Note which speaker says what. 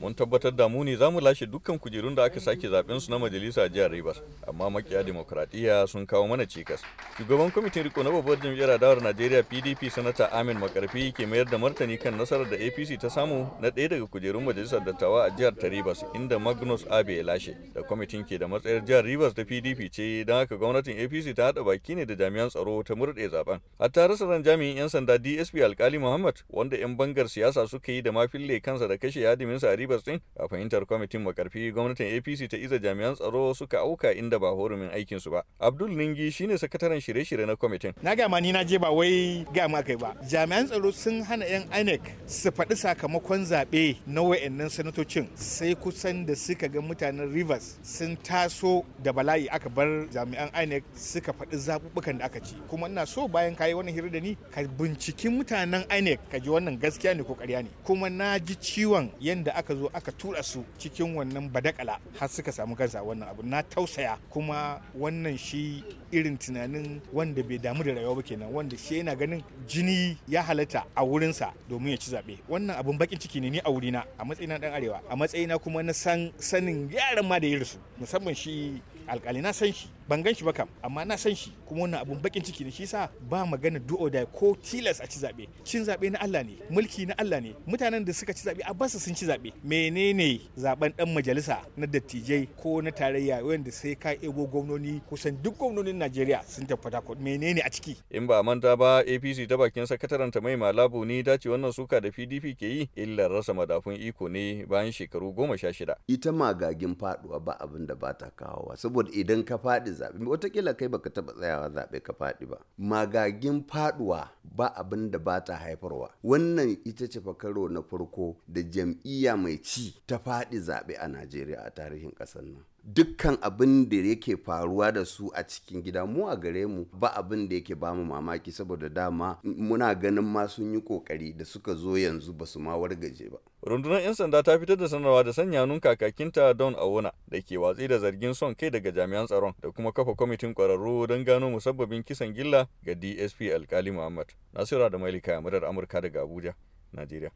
Speaker 1: Mun tabbatar da mu ne za mu lashe dukkan kujerun da aka sake zaben su na majalisa a jihar Rivers, amma makiya demokradiyya sun kawo mana cikas. Shugaban kwamitin riko na babbar jam'iyyar adawar Najeriya PDP sanata Amin Makarfi ke mayar da martani kan nasarar da APC ta samu na ɗaya daga kujerun majalisar dattawa a jihar ta Rivers inda Magnus Abe ya lashe. Da kwamitin ke da matsayar jihar Rivers da PDP ce don haka gwamnatin APC ta haɗa baki ne da jami'an tsaro ta murɗe zaben. Hatta rasa ran jami'in 'yan sanda dsp alkali muhammad wanda 'yan bangar siyasa suka yi da mafille kansa da kashe sa a rivers din a fahimtar kwamitin makarfi gwamnatin apc ta iza jami'an tsaro suka auka inda ba horumin su ba abdul ningi shine sakataren shirye-shirye na kwamitin
Speaker 2: na ga ni na je ba wai ga ma kai ba jami'an tsaro sun hana 'yan inec su faɗi sakamakon zaɓe na wa'annan sanatocin sai kusan da suka ga mutanen rivers sun taso da bala'i aka bar jami'an inec suka faɗi zaɓuɓɓukan da aka ci kuma ina so bayan kayi wani hira da ni ka binciki mutanen INEC ka ji wannan gaskiya ne ko ƙarya ne kuma na ji ciwon yadda aka zo aka tura su cikin wannan badakala har suka samu kansa wannan abu na tausaya kuma wannan shi irin tunanin wanda bai damu da rayuwa ba kenan wanda shi yana ganin jini ya halatta a wurinsa domin ya ci zaɓe wannan abun bakin ciki ne ni a wurina a matsayina ɗan arewa a matsayina kuma na san sanin yaran ma da irinsu musamman shi alkali na san shi ban gan shi ba kam amma na san shi kuma wannan abun bakin ciki ne shi sa ba magana du'o da ko tilas a ci zabe cin zabe na Allah ne mulki na Allah ne mutanen da suka ci zabe a basu sun ci zabe menene zaben dan majalisa na dattijai ko na tarayya wanda sai ka ego gwamnoni kusan duk gwamnonin Najeriya sun tabbata ko menene a ciki
Speaker 1: in ba manta ba APC ta bakin sakataren ta mai malabu ne dace wannan suka da PDP ke yi illar rasa madafun iko ne bayan shekaru goma sha shida
Speaker 3: ita magagin faduwa ba abin da ba ta kawowa saboda idan ka faɗi zaɓe wataƙila kai baka taɓa tsayawa zaɓe ka faɗi ba magagin faɗuwa ba abin da ba ta haifarwa wannan ita ce fakaro na farko da jam'iyya mai ci ta faɗi zaɓe a najeriya a tarihin ƙasar nan dukkan abin da yake faruwa da su a cikin gida mu a gare mu ba abin da yake bamu mamaki saboda dama muna ganin ma sun yi kokari da suka zo yanzu ba su ma wargaje ba
Speaker 1: rundunar 'yan sanda ta fitar da sanarwa da sanya nun kakakinta don awona da ke watsi da zargin son kai daga jami'an tsaron da kuma kafa kwamitin kwararru don gano musabbabin kisan gilla ga dsp alkali muhammad nasira da mailika murar amurka daga abuja najeriya